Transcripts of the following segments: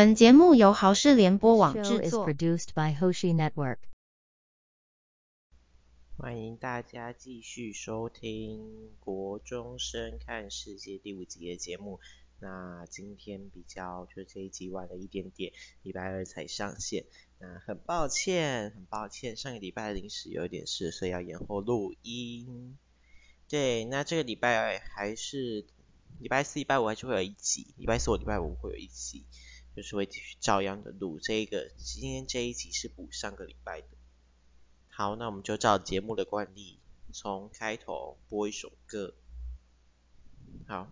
本節目由豪士聯播網製作。produced by Hoshi Network. 歡迎大家繼續收聽《國中生看世界》第五集的節目。那今天比較就是這一集晚了一點點，禮拜二才上線。那很抱歉，很抱歉，上個禮拜臨時有點事，所以要延後錄音。對，那這個禮拜還是禮拜四、禮拜五還是會有一集，禮拜四、禮拜五會有一集。就是會繼續照樣的錄這一個，今天這一集是補上個禮拜的。好，那我們就照節目的慣例，從開頭播一首歌。好。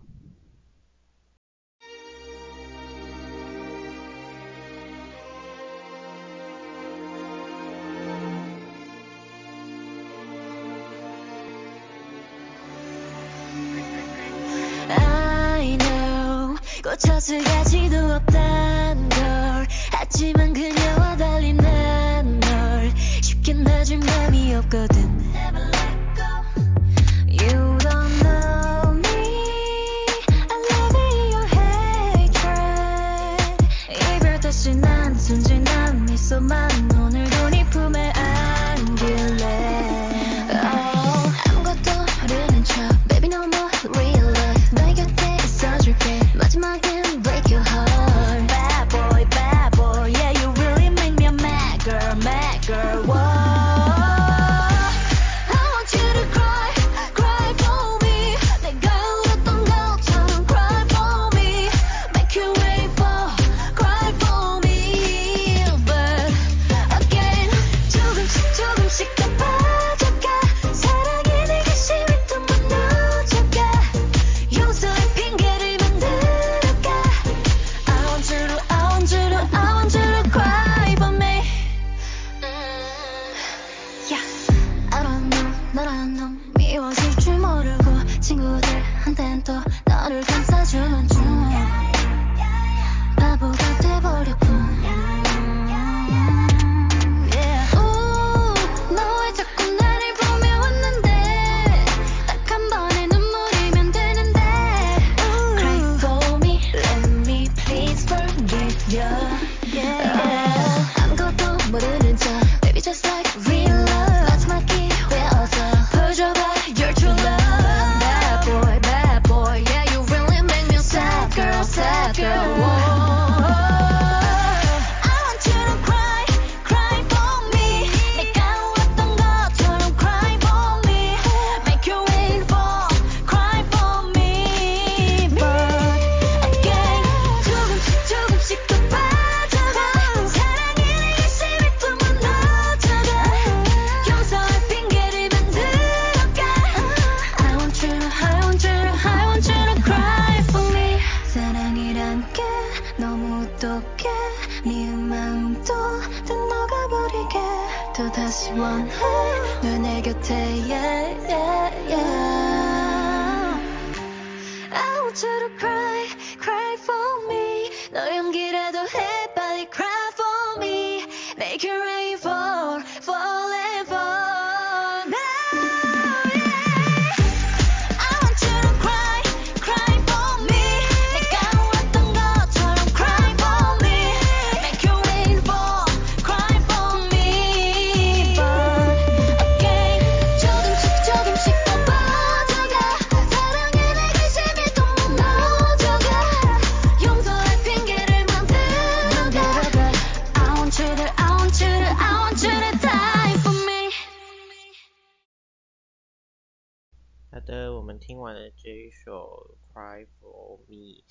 這一首 Cry for Me。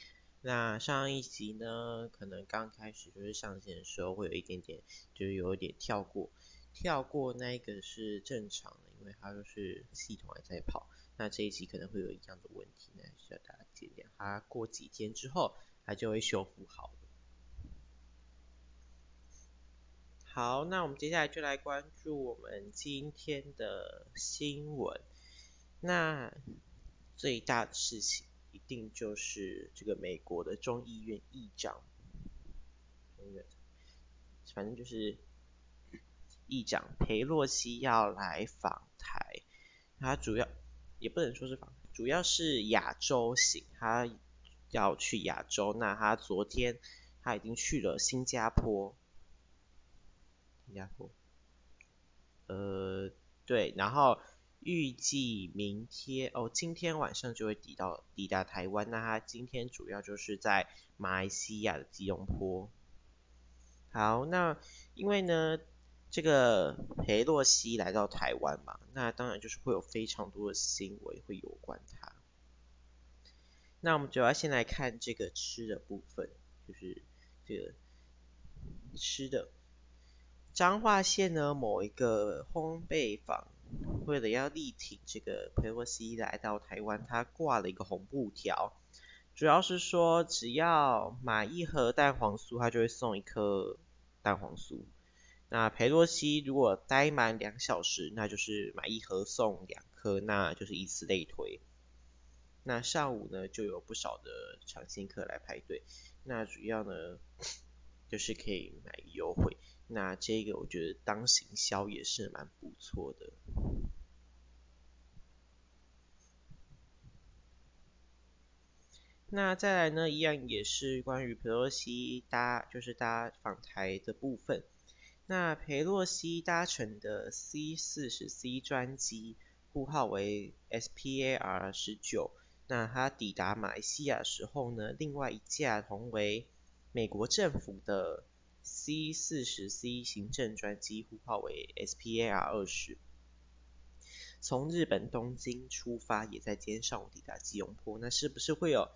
那上一集呢，可能剛開始就是上線的時候會有一點點，就是有點跳過，跳過那一個是正常的，因為它就是系統還在跑。那這一集可能會有一樣的問題，那需要大家見諒。它過幾天之後，它就會修復好了。好，那我們接下來就來關注我們今天的新聞。那最大的事情，一定就是這個美國的眾議院議長，反正就是議長裴洛西要來訪台，他主要也不能說是訪，主要是亞洲行，他要去亞洲。那他昨天他已經去了新加坡，新加坡，呃，對，然後。預計明天哦，今天晚上就會抵到抵達台灣。那他今天主要就是在馬來西亞的吉隆坡。好，那因為呢，這個裴洛西來到台灣嘛，那當然就是會有非常多的新聞會有關他。那我們主要先來看這個吃的部分，就是這個吃的彰化縣呢某一個烘焙坊。為了要力挺這個裴洛西來到台灣，他掛了一個紅布條，主要是說只要買一盒蛋黃酥，他就會送一顆蛋黃酥。那裴洛西如果待滿兩小時，那就是買一盒送兩顆，那就是以此類推。那上午呢，就有不少的嘗鮮客來排隊，那主要呢，就是可以買優惠。那這個我覺得當行銷也是蠻不錯的。那再來呢，一樣也是關於裴洛西搭，就是搭訪台的部分。那裴洛西搭乘的 C 四十 C 專機，呼號為 S P A R 十九。那他抵達馬來西亞時候呢，另外一架同為美國政府的。C 四十 C 行政專機，呼號為 SPAR 二十，從日本東京出發，也在今天上午抵達吉隆坡。那是不是會有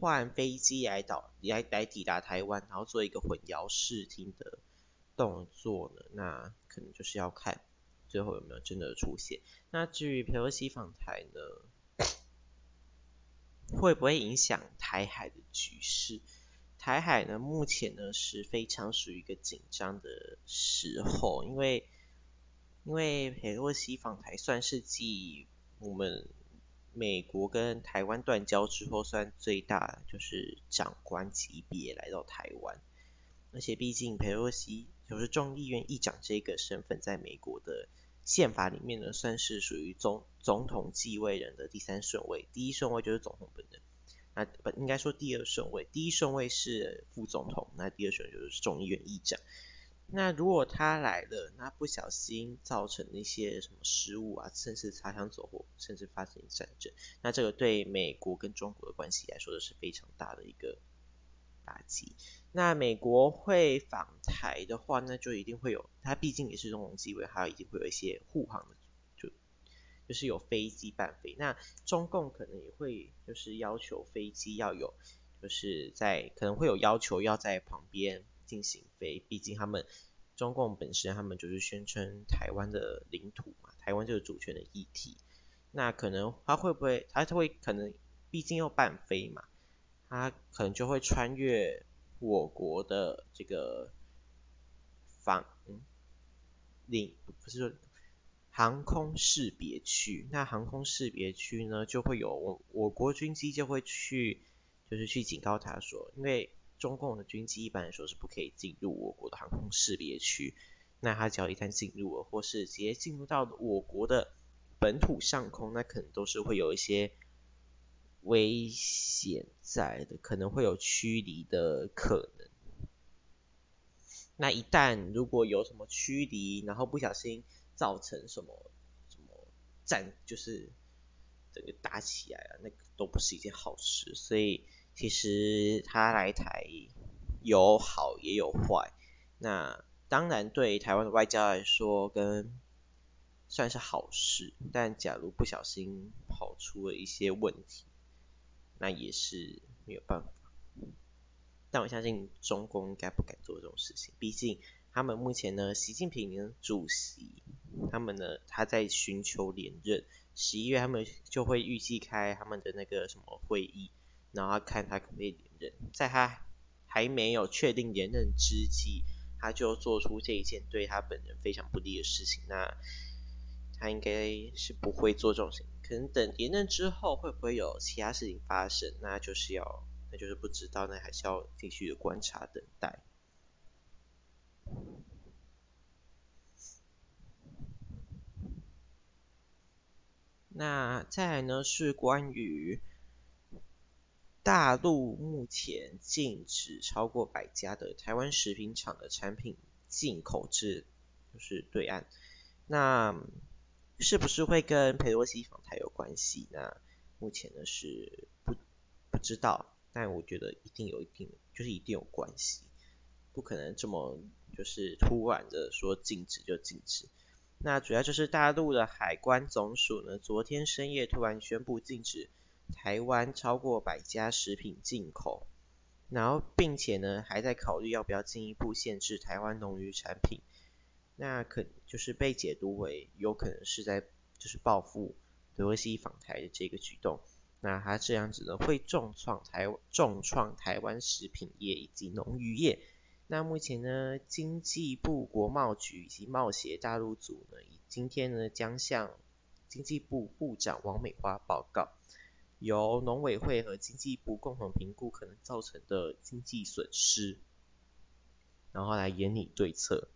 換飛機來到來來抵達台灣，然後做一個混淆視聽的動作呢？那可能就是要看最後有沒有真的出現。那至於裴洛西訪台呢，會不會影響台海的局勢？台海呢，目前呢是非常屬於一個緊張的時候，因為因為裴洛西訪台算是繼我們美國跟台灣斷交之後，算最大就是長官級別來到台灣，而且畢竟裴洛西就是眾議院議長這個身份，在美國的憲法裡面呢，算是屬於總總統繼位人的第三順位，第一順位就是總統本人。那本應該說第二順位，第一順位是副總統，那第二順位就是眾議院議長。那如果他來了，那不小心造成那些什麼失誤啊，甚至擦槍走火，甚至發生戰爭，那這個對美國跟中國的關係來說，都是非常大的一個打擊。那美國會訪台的話，那就一定會有，他畢竟也是總統繼位，還有一定會有一些護航的。就是有飛機伴飛，那中共可能也會就是要求飛機要有，就是在可能會有要求要在旁邊進行飛，畢竟他們中共本身他們就是宣稱台灣的領土嘛，台灣就是主權的議題，那可能他會不會他會可能，畢竟要伴飛嘛，他可能就會穿越我國的這個防領，不是說。航空識別區，那航空識別區呢，就會有我我國軍機就會去，就是去警告他說，因為中共的軍機一般來說是不可以進入我國的航空識別區，那他只要一旦進入了，或是直接進入到我國的本土上空，那可能都是會有一些危險在的，可能會有驅離的可能。那一旦如果有什麼驅離，然後不小心。造成什麼什麼戰，就是整個打起來了，啊，那個都不是一件好事。所以其實他來台有好也有壞。那當然對台灣的外交來說跟，跟算是好事。但假如不小心跑出了一些問題，那也是沒有辦法。但我相信中共應該不敢做這種事情，畢竟。他們目前呢，習近平主席，他們呢，他在尋求連任。十一月他們就會預計開他們的那個什麼會議，然後看他可不可以連任。在他還沒有確定連任之際，他就做出這一件對他本人非常不利的事情。那他應該是不會做這種事情，可能等連任之後，會不會有其他事情發生，那就是要，那就是不知道，那還是要繼續的觀察等待。再來呢，是關於大陸目前禁止超過百家的台灣食品廠的產品進口至就是對岸，那是不是會跟裴洛西訪台有關係呢？那目前呢是不不知道，但我覺得一定有，一定就是一定有關係，不可能這麼就是突然的說禁止就禁止。那主要就是大陸的海關總署呢，昨天深夜突然宣布禁止台灣超過百家食品進口，然後並且呢還在考慮要不要進一步限制台灣農漁產品。那可就是被解讀為有可能是在就是報復裴洛西訪台的這個舉動。那他這樣子呢會重創台重創台灣食品業以及農漁業。那目前呢，經濟部國貿局以及貿協大陸組呢，今天呢將向經濟部部長王美花報告，由農委會和經濟部共同評估可能造成的經濟損失，然後來研擬對策。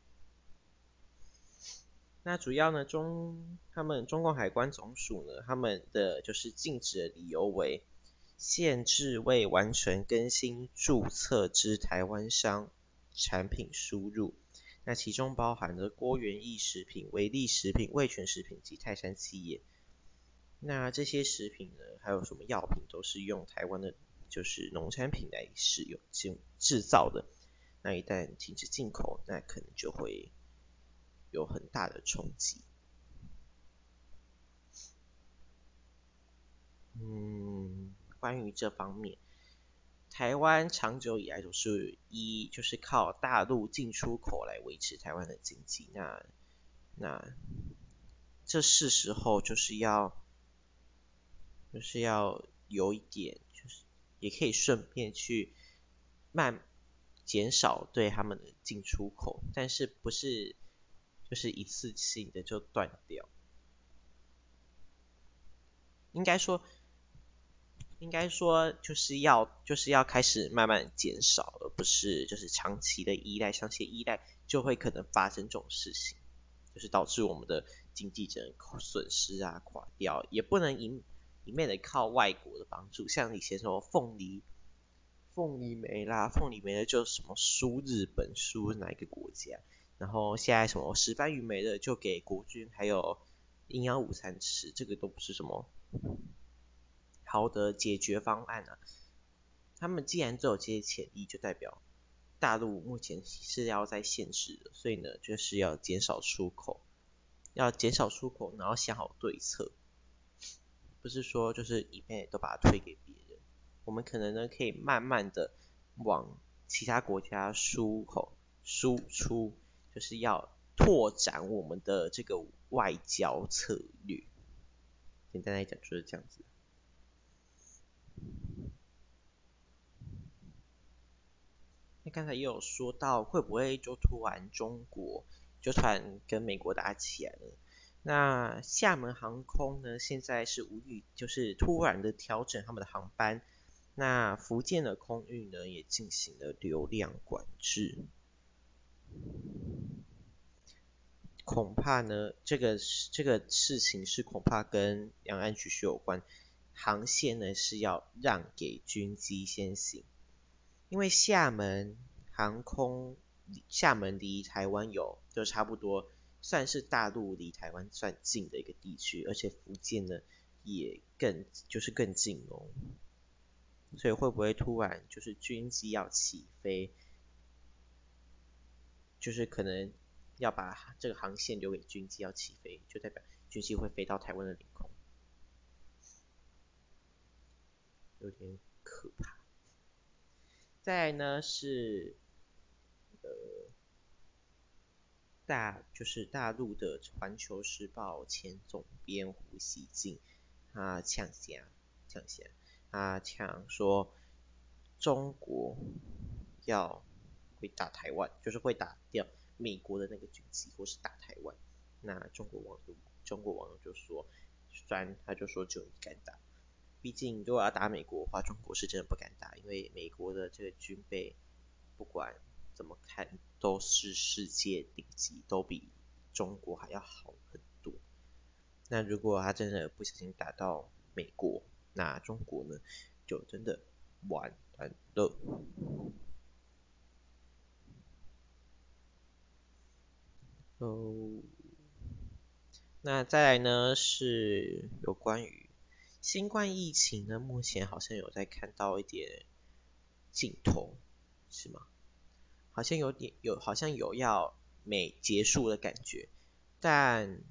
那主要呢，中他們中共海關總署呢，他們的就是禁止的理由為，限制未完全更新註冊之台灣商。產品輸入，那其中包含了郭元益食品、維力食品、味全食品及泰山企業。那這些食品呢，還有什麼藥品，都是用台灣的，就是農產品來使用進製造的。那一旦停止進口，那可能就會有很大的衝擊。嗯，關於這方面。台灣長久以來都是一就是靠大陸進出口來維持台灣的經濟，那那這是時候就是要就是要有一點就是也可以順便去慢減少對他們的進出口，但是不是就是一次性的就斷掉。應該說。應該說就是要就是要開始慢慢減少，而不是就是長期的依賴，長期依賴就會可能發生這種事情，就是導致我們的經濟只損失啊垮掉，也不能一一面的靠外國的幫助，像以前什麼鳳梨，鳳梨沒啦鳳梨沒的就什麼輸日本輸哪一個國家，然後現在什麼石斑魚沒的就給國軍還有營養午餐吃，這個都不是什麼。好的解決方案啊，他們既然都有這些潛力，就代表大陸目前是要在現實的，所以呢，就是要減少出口，要減少出口，然後想好對策，不是說就是一面都把它推給別人，我們可能呢可以慢慢的往其他國家出口輸出，就是要拓展我們的這個外交策略，簡單來講就是這樣子。那剛才也有說到，會不會就突然中國就突然跟美國打起來了？那廈門航空呢，現在是無意，就是突然的調整他們的航班。那福建的空域呢，也進行了流量管制。恐怕呢，這個這個事情是恐怕跟兩岸局勢有關。航線呢是要讓給軍機先行，因為廈門航空，廈門離台灣有就差不多算是大陸離台灣算近的一個地區，而且福建呢也更就是更近哦，所以會不會突然就是軍機要起飛，就是可能要把這個航線留給軍機要起飛，就代表軍機會飛到台灣的領空。有點可怕。再來呢是，呃，大就是大陸的《環球時報》前總編胡錫進，他嗆聲嗆聲，他嗆說中國要會打台灣，就是會打掉美國的那個軍機，或是打台灣。那中國網友中國網友就說，雖然他就說就你敢打。畢竟，如果要打美國的話，中國是真的不敢打，因為美國的這個軍備，不管怎麼看都是世界頂級，都比中國還要好很多。那如果他真的不小心打到美國，那中國呢，就真的完蛋了。哦，so，那再來呢是有關於。新冠疫情呢，目前好像有在看到一點盡頭，是嗎？好像有點有，好像有要沒結束的感覺。但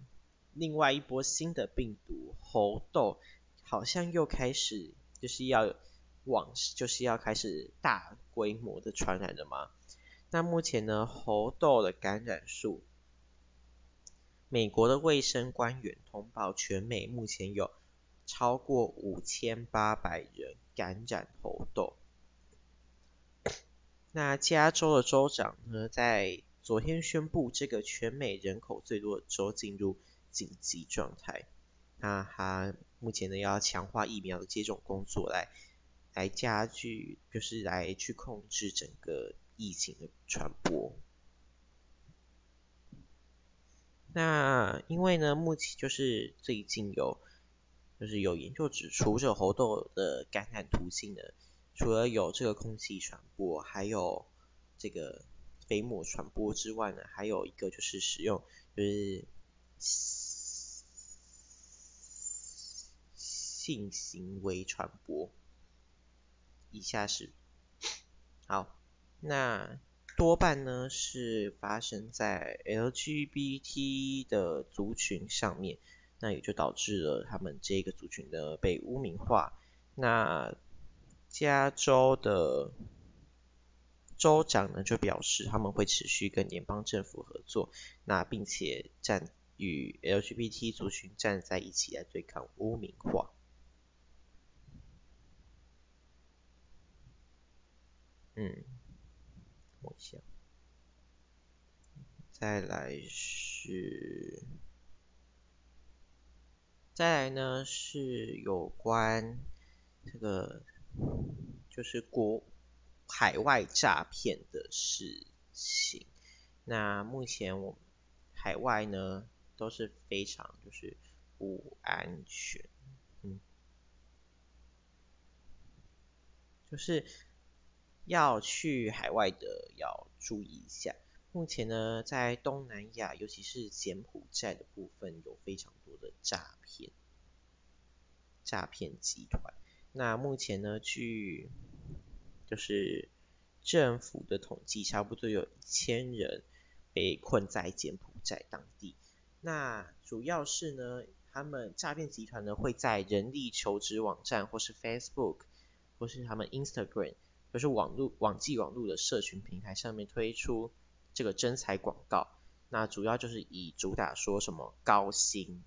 另外一波新的病毒猴痘，好像又開始就是要往，就是要開始大規模的傳染了嗎？那目前呢，猴痘的感染數，美國的衛生官員通報，全美目前有。超過五千八百人感染猴痘。那加州的州長呢，在昨天宣布這個全美人口最多的州進入緊急狀態。那他目前呢，要強化疫苗的接種工作來，來來加劇就是來去控制整個疫情的傳播。那因為呢，目前就是最近有。就是有研究指出，這猴痘的感染途徑呢，除了有這個空氣傳播，還有這個飛沫傳播之外呢，還有一個就是使用就是性行為傳播。以下是好，那多半呢是發生在 LGBT 的族群上面。那也就導致了他們這個族群呢，被污名化。那加州的州長呢就表示他們會持續跟聯邦政府合作，那並且站與 LGBT 族群站在一起來對抗污名化。嗯，我想再來是。再來呢，是有關這個就是國海外詐騙的事情。那目前我海外呢都是非常，就是不安全，嗯，就是要去海外的要注意一下。目前呢，在東南亞，尤其是柬埔寨的部分，有非常多的詐騙詐騙集團。那目前呢，據就是政府的統計，差不多有一千人被困在柬埔寨當地。那主要是呢，他們詐騙集團呢，會在人力求職網站，或是 Facebook，或是他們 Instagram，就是網絡網際網絡的社群平台上面推出。這個徵才廣告，那主要就是以主打說什麼高薪，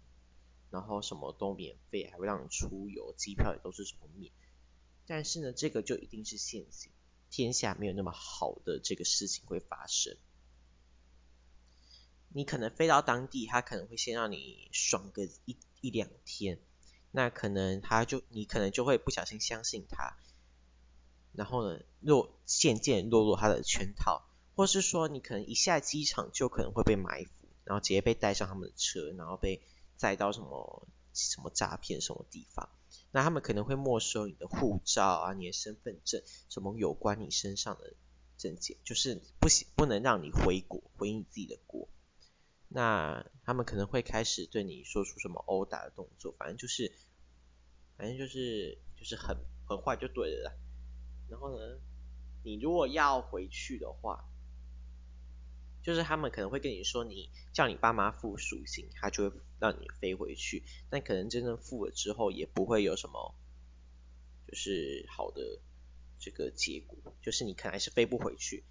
然後什麼都免費，還會讓你出遊，機票也都是什麼免。但是呢，這個就一定是陷阱，天下沒有那麼好的這個事情會發生。你可能飛到當地，他可能會先讓你爽個一一兩天，那可能他就，你可能就會不小心相信他，然後呢，落，漸漸落入他的圈套。或是說，你可能一下機場就可能會被埋伏，然後直接被帶上他們的車，然後被載到什麼什麼詐騙什麼地方。那他們可能會沒收你的護照啊、你的身份證，什麼有關你身上的證件，就是不行，不能讓你回國，回你自己的國。那他們可能會開始對你說出什麼毆打的動作，反正就是，反正就是，就是很很壞就對了啦。然後呢，你如果要回去的話，就是他們可能會跟你說，你叫你爸媽付贖金，他就會讓你飛回去。但可能真正付了之後，也不會有什麼就是好的這個結果，就是你可能還是飛不回去。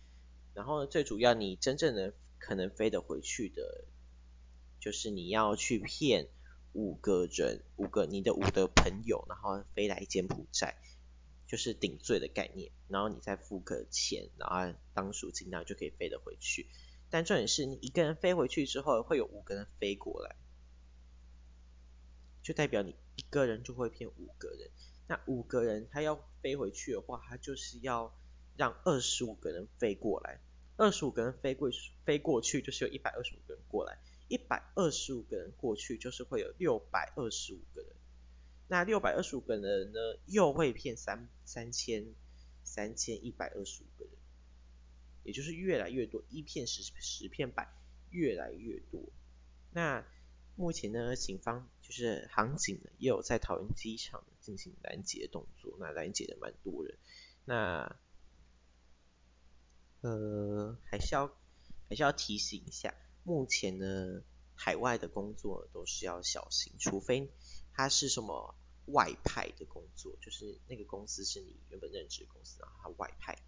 然後，最主要你真正能可能飛得回去的，就是你要去騙五個人，五個你的五的朋友，然後飛來柬埔寨，就是頂罪的概念。然後你再付個錢，然後當贖金，然後就可以飛得回去。但重點是你一個人飛回去之後，會有五個人飛過來，就代表你一個人就會騙五個人。那五個人他要飛回去的話，他就是要讓二十五個人飛過來。二十五個人飛過飛過去，就是有一百二十五個人過來。一百二十五個人過去，就是會有六百二十五個人。那六百二十五個人呢，又會騙三三千三千一百二十五個人。也就是越來越多，一片十十片百，越來越多。那目前呢，警方就是航警呢，也有在桃園機場進行攔截動作，那攔截的蠻多人。那呃，還是要還是要提醒一下，目前呢，海外的工作都是要小心，除非他是什麼外派的工作，就是那個公司是你原本任職的公司啊，然後他外派。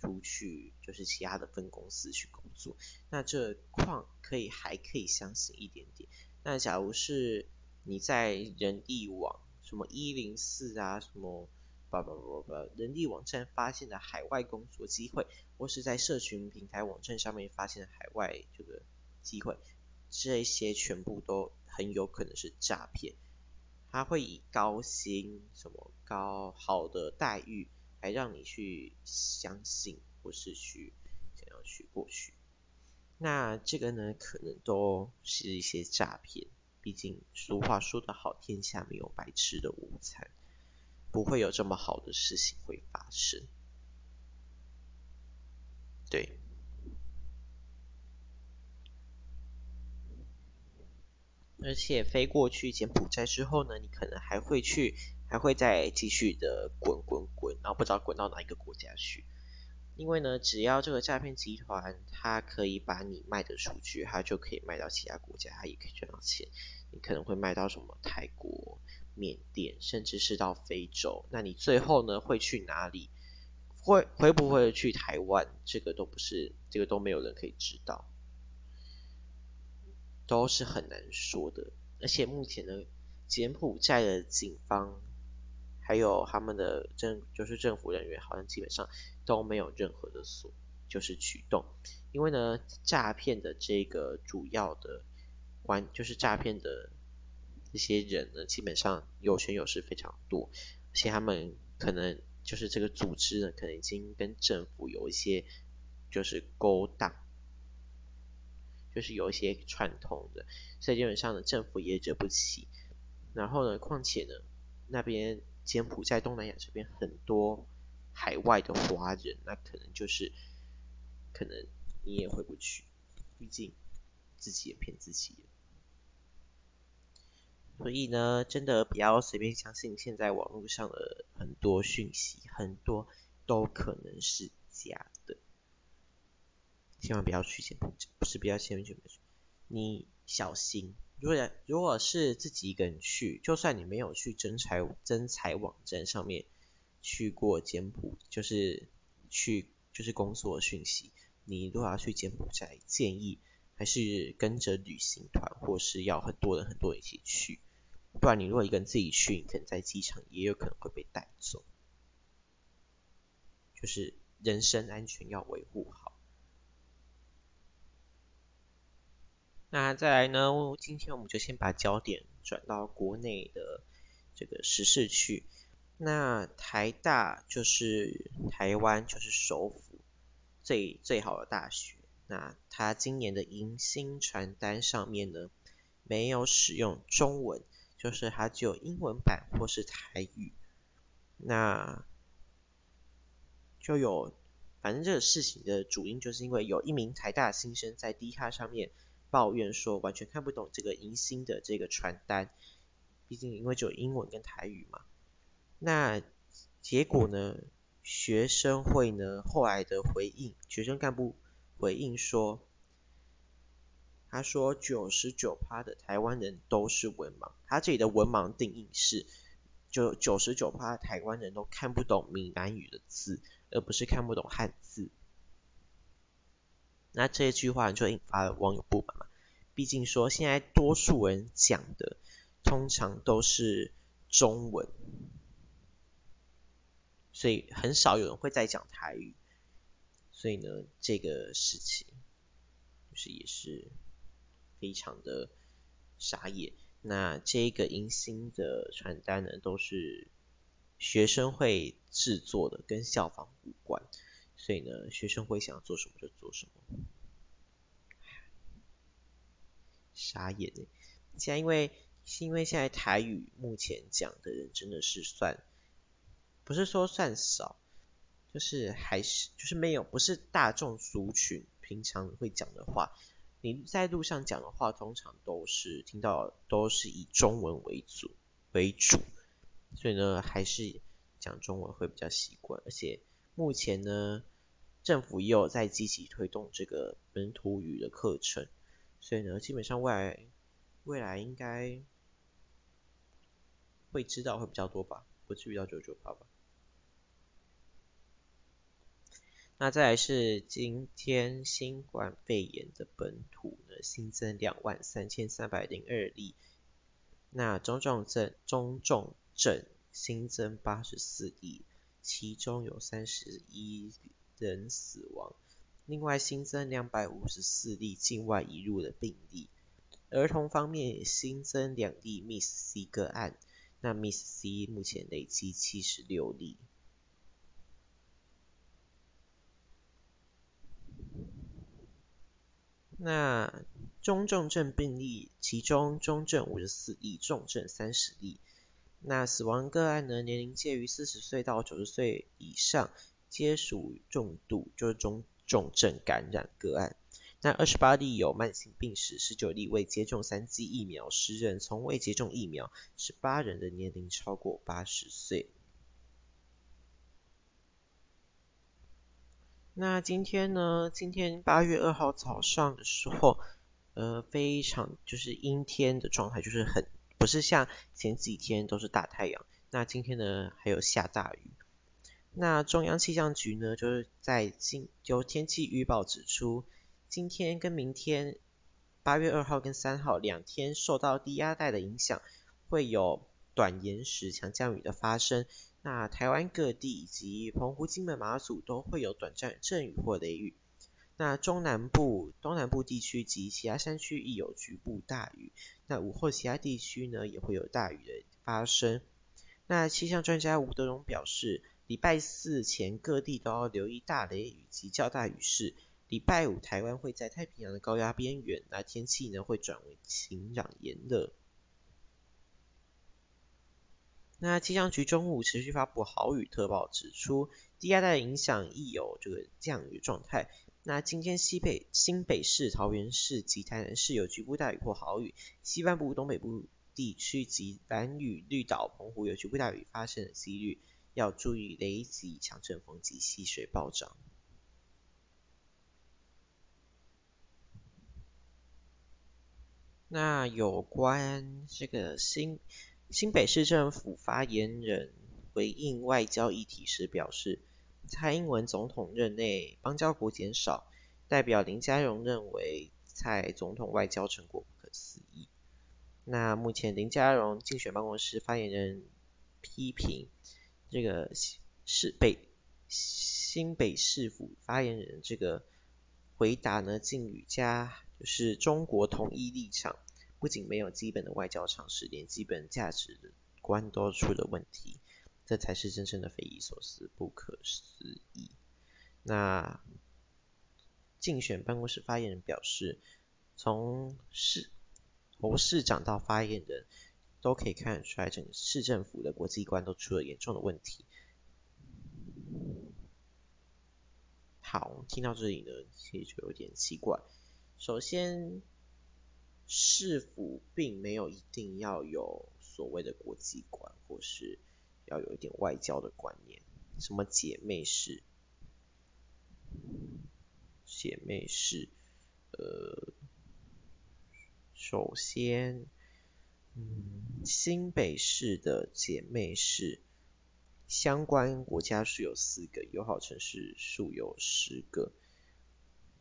出去就是其他的分公司去工作，那這況可以還可以相信一點點。那假如是你在人力網什麼一零四啊、什麼，吧吧吧吧人力網站發現的海外工作機會，或是在社群平台網站上面發現的海外這個機會，這些全部都很有可能是詐騙。他會以高薪什麼高好的待遇。還讓你去相信，或是去想要去過去，那這個呢，可能都是一些詐騙。畢竟俗話說得好，天下沒有白吃的午餐，不會有這麼好的事情會發生。對，而且飛過去柬埔寨之後呢，你可能還會去。還會再繼續的滾滾滾，然後不知道滾到哪一個國家去。因為呢，只要這個詐騙集團它可以把你賣得出去，它就可以賣到其他國家，它也可以賺到錢。你可能會賣到什麼泰國、緬甸，甚至是到非洲。那你最後呢，會去哪裡？會會不會去台灣？這個都不是，這個都沒有人可以知道，都是很難說的。而且目前呢，柬埔寨的警方。還有他們的政就是政府人員，好像基本上都沒有任何的所，就是舉動，因為呢，詐騙的這個主要的關，就是詐騙的這些人呢，基本上有權有勢非常多，而且他們可能就是這個組織呢，可能已經跟政府有一些就是勾當，就是有一些串通的，所以基本上呢，政府也惹不起。然後呢，況且呢，那邊。柬埔寨、東南亞這邊很多海外的華人，那可能就是可能你也回不去，畢竟自己也騙自己。所以呢，真的不要隨便相信現在網絡上的很多訊息，很多都可能是假的。千萬不要去柬埔寨，不是不要去，你小心。如果，如果是自己一個人去，就算你沒有去徵才、徵才網站上面去過柬埔寨，就是去，就是工作訊息，你如果要去柬埔寨，建議還是跟着旅行團，或是要很多人、很多人一起去，不然你如果一個人自己去，你可能在機場也有可能會被帶走，就是人身安全要維護好。那再來呢？今天我們就先把焦點轉到國內的這個時事去。那台大就是台灣就是首府最最好的大學。那它今年的迎新傳單上面呢，沒有使用中文，就是它只有英文版或是台語。那就有，反正這個事情的主因就是因為有一名台大新生在 D 卡上面。抱怨說完全看不懂這個迎新的這個傳單，畢竟因為只有英文跟台語嘛。那結果呢，學生會呢後來的回應，學生幹部回應說，他說九十九趴的台灣人都是文盲，他這裡的文盲定義是，就九十九趴台灣人都看不懂閩南語的字，而不是看不懂漢字。那這一句話就引發了網友不滿嘛。畢竟說現在多數人講的通常都是中文，所以很少有人會再講台語，所以呢，這個事情就是也是非常的傻眼。那這個迎新的傳單呢，都是學生會製作的，跟校方無關。所以呢，學生會想要做什麼就做什麼。傻眼哎！現在因為是因為現在台語目前講的人真的是算，不是說算少，就是還是就是沒有不是大眾族群平常會講的話，你在路上講的話，通常都是聽到都是以中文為主為主，所以呢，還是講中文會比較習慣，而且。目前呢，政府也有在積極推動這個本土語的課程，所以呢，基本上未來未來應該會知道會比較多吧，不至於到九九八吧。那再來是今天新冠肺炎的本土呢，新增兩萬三千三百零二例，那中重症中重症新增八十四例。其中有三十一人死亡，另外新增兩百五十四例境外移入的病例。兒童方面也新增兩例 MIS-C 個案，那 MIS-C 目前累積七十六例。那中重症病例，其中中症五十四例，重症三十例。那死亡個案呢，年齡介於四十歲到九十歲以上，皆屬重度，就是中重症感染個案。那二十八例有慢性病史，十九例未接種三劑疫苗，十人從未接種疫苗，十八人的年齡超過八十歲。那今天呢，今天八月二號早上的時候，呃，非常，就是陰天的狀態，就是很。不是像前幾天都是大太陽，那今天呢，還有下大雨。那中央氣象局呢，就是在經由天氣預報指出，今天跟明天八月二號跟三號兩天受到低壓帶的影響，會有短延時強降雨的發生。那台灣各地以及澎湖、金門、馬祖都會有短暫陣雨或雷雨。那中南部、東南部地區及其他山區亦有局部大雨。那午後其他地區呢也會有大雨的發生。那氣象專家吳德榮表示，禮拜四前各地都要留意大雷雨及較大雨勢。禮拜五台灣會在太平洋的高壓邊緣，那天氣呢會轉為晴朗炎熱。那氣象局中午持續發布豪雨特報，指出低壓帶的影響亦有這個降雨狀態。那今天，西北、新北市、桃園市及台南市有局部大雨或豪雨，西半部、東北部地區及蘭嶼、綠島、澎湖有局部大雨發生的幾率，要注意雷擊、強陣風及溪水暴漲。那有關這個新新北市政府發言人回應外交議題時表示。蔡英文總統任內，邦交國減少，代表林佳龍認為蔡總統外交成果不可思議。那目前林佳龍競選辦公室發言人批評這個市北新北市府發言人這個回答呢，靖語加就是中國統一立場，不僅沒有基本的外交常識，連基本價值觀都出了問題。這才是真正的匪夷所思，不可思議。那競選辦公室發言人表示，從市、從市長到發言人，都可以看出來，整個市政府的國際觀都出了嚴重的問題。好，聽到這裡呢，其實就有點奇怪。首先，市府並沒有一定要有所謂的國際觀，或是。要有一點外交的觀念，什麼姐妹市？姐妹市，呃，首先，嗯，新北市的姐妹市，相關國家數有四個，友好城市數有十個，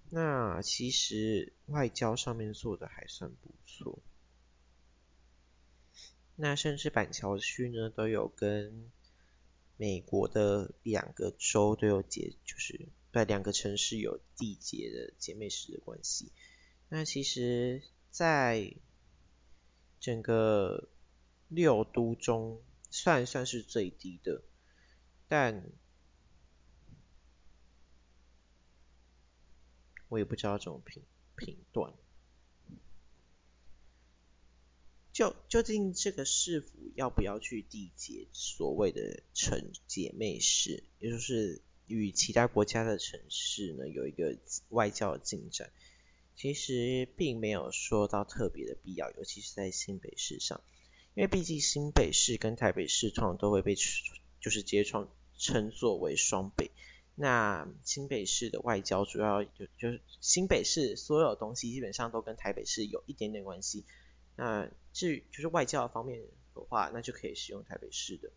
那其實外交上面做得還算不錯。那甚至板橋區呢，都有跟美國的兩個州都有結，就是對兩個城市有締結的姐妹市的關係。那其實，在整個六都中算，算算是最低的，但我也不知道這種評評斷。就究竟這個市府要不要去締結所謂的城姐妹市，也就是與其他國家的城市呢，有一個外交的進展，其實並沒有說到特別的必要，尤其是在新北市上，因為畢竟新北市跟台北市通常都會被就是皆創稱作為雙北，那新北市的外交主要就就是新北市所有東西基本上都跟台北市有一點點關係。那至於就是外交方面的話，那就可以使用台北市的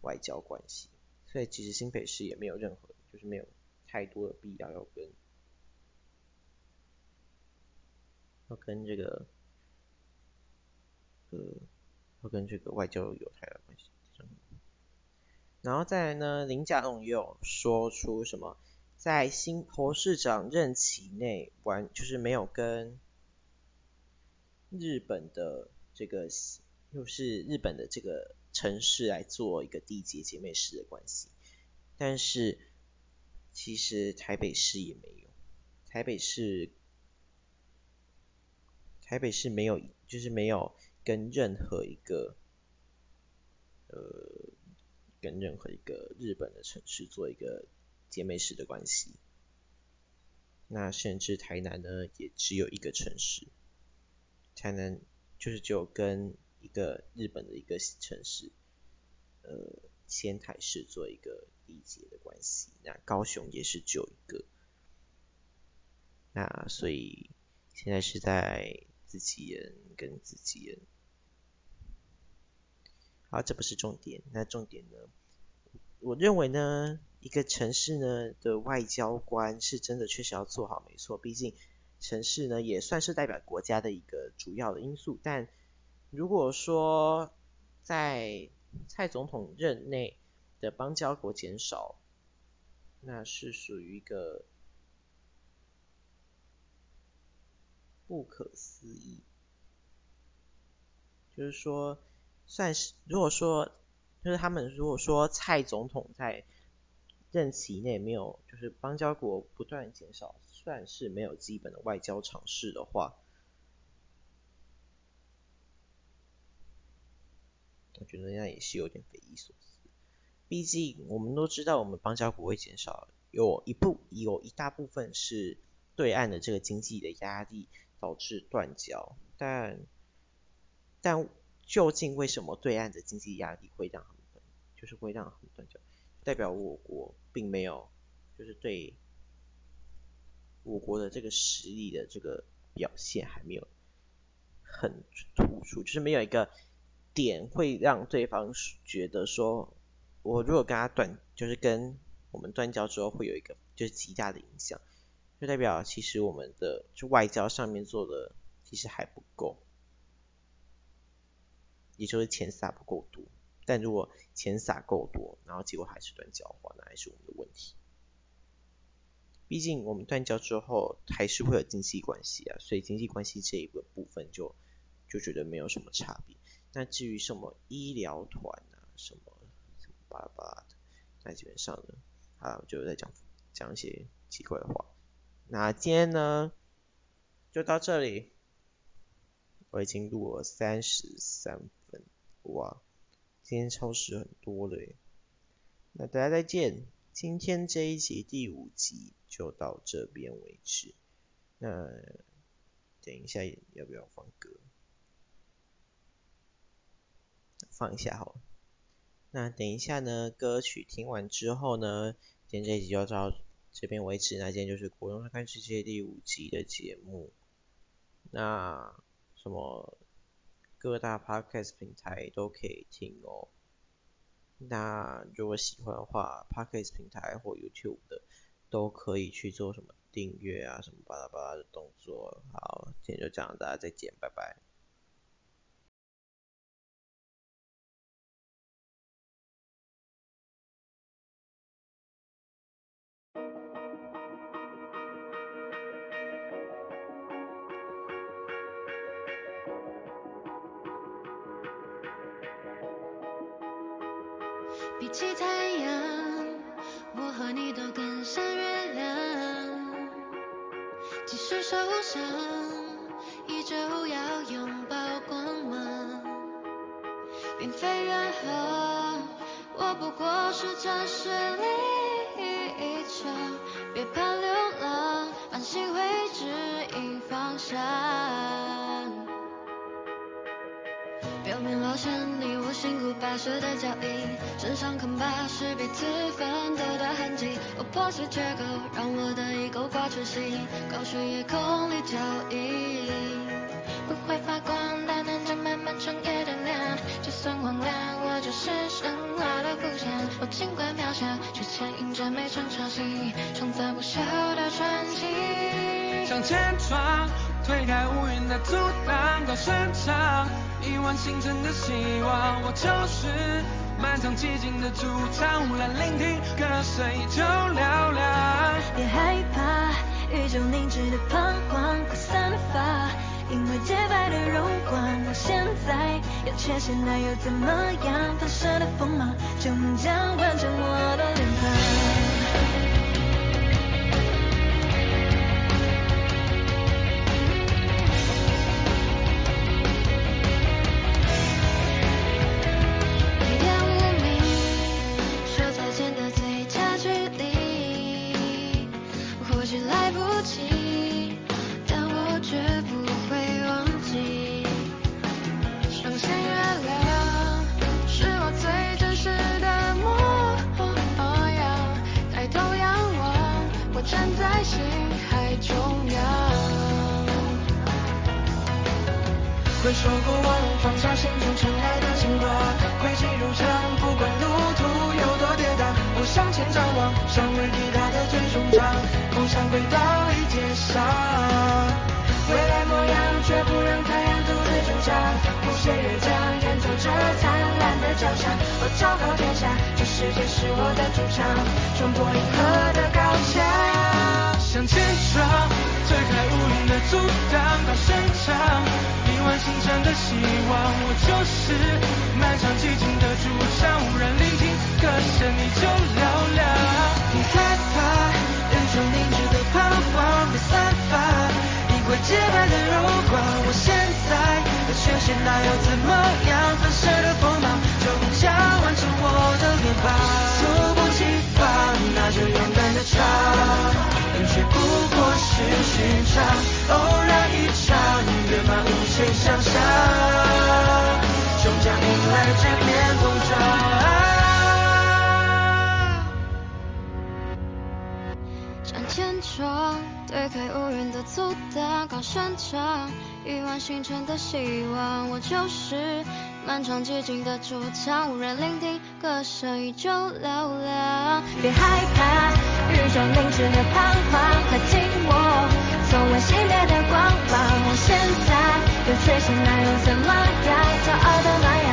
外交關係。所以其實新北市也沒有任何，就是沒有太多的必要要跟要跟這個呃要跟這個外交有太大關係。然後再來呢，林佳龍也有說出什麼，在新侯市長任期內完就是沒有跟。日本的這個又是日本的這個城市，來做一個締結姐妹市的關係，但是其實台北市也沒有，台北市、台北市沒有，就是沒有跟任何一個呃跟任何一個日本的城市做一個姐妹市的關係，那甚至台南呢也只有一個城市。才能就是只有跟一個日本的一個城市，呃仙台市做一個理解的關係。那高雄也是只有一個。那所以現在是在自己人跟自己人。好，這不是重點。那重點呢，我認為呢，一個城市呢的外交官是真的確實要做好沒錯，畢竟。城市呢也算是代表國家的一個主要的因素，但如果說在蔡總統任內的邦交國減少，那是屬於一個不可思議。就是說，算是如果說，就是他們如果說蔡總統在任期內沒有，就是邦交國不斷減少。但是沒有基本的外交嘗試的話，我覺得那也是有點匪夷所思。畢竟我們都知道，我們邦交國會減少，有一部有一大部分是對岸的這個經濟的壓力導致斷交。但但究竟為什麼對岸的經濟壓力會讓他們就是會讓他們斷交？代表我國並沒有就是對。我國的這個實力的這個表現還沒有很突出，就是沒有一個點會讓對方覺得說，我如果跟他斷，就是跟我們斷交之後會有一個就是極大的影響，就代表其實我們的就外交上面做的其實還不夠，也就是錢撒不夠多。但如果錢撒夠多，然後結果還是斷交的話，那還是我們的問題。畢竟我們斷交之後還是會有經濟關係啊，所以經濟關係這一個部分就就覺得沒有什麼差別。那至於什麼醫療團啊什麼，什麼巴拉巴拉的，那基本上呢，好啦，我就再講講一些奇怪的話。那今天呢就到這裡，我已經錄了三十三分哇，今天超時很多了耶。那大家再見。今天這一集第五集就到這邊為止。那等一下要不要放歌？放一下好了。那等一下呢，歌曲聽完之後呢，今天這一集就到這邊為止。那今天就是《國中看世界》第五集的節目。那什麼各大 Podcast 平台都可以聽哦。那如果喜歡的話，Podcast 平台或 YouTube 的都可以去做什麼訂閱啊，什麼巴拉巴拉的動作。好，今天就這樣，大家再見，拜拜。卻牽引着每場潮汐，創造不朽的傳奇。向前闖，推開烏雲的阻擋，高聲唱，億萬星辰的希望。我就是漫長寂靜的主唱，無人聆聽歌聲依舊嘹亮。別害怕，宇宙凝滯的彷徨，擴散發。因為潔白的容光，我現在確實哪有缺陷，那又怎麼樣？反射的鋒芒終將完整我的臉龐。到、哦、天下，這世界是我的主場，衝破銀河的高牆。向前闖，推開烏雲的阻擋，高聲唱，億萬星辰的希望。我就是漫長寂靜的主場，無人聆聽，歌聲依舊嘹亮。別害怕，眼中凝滯的彷徨，會散發一塊潔白的柔光。我現在的缺陷，那又怎麼？猝不及防，那就勇敢的唱但、嗯、卻不過是尋常。偶然一場，圓滿無限想象，終將迎來這篇篇章。向前闖，推開無人的阻擋，高聲唱，億萬星辰的希望，我就是。漫長寂靜的主場，無人聆聽，歌聲依舊嘹亮。別害怕，宇宙凝滯的彷徨，和緊握緊我從未熄滅的光芒。我現在又缺陷，那又怎麼？驕傲的暖陽。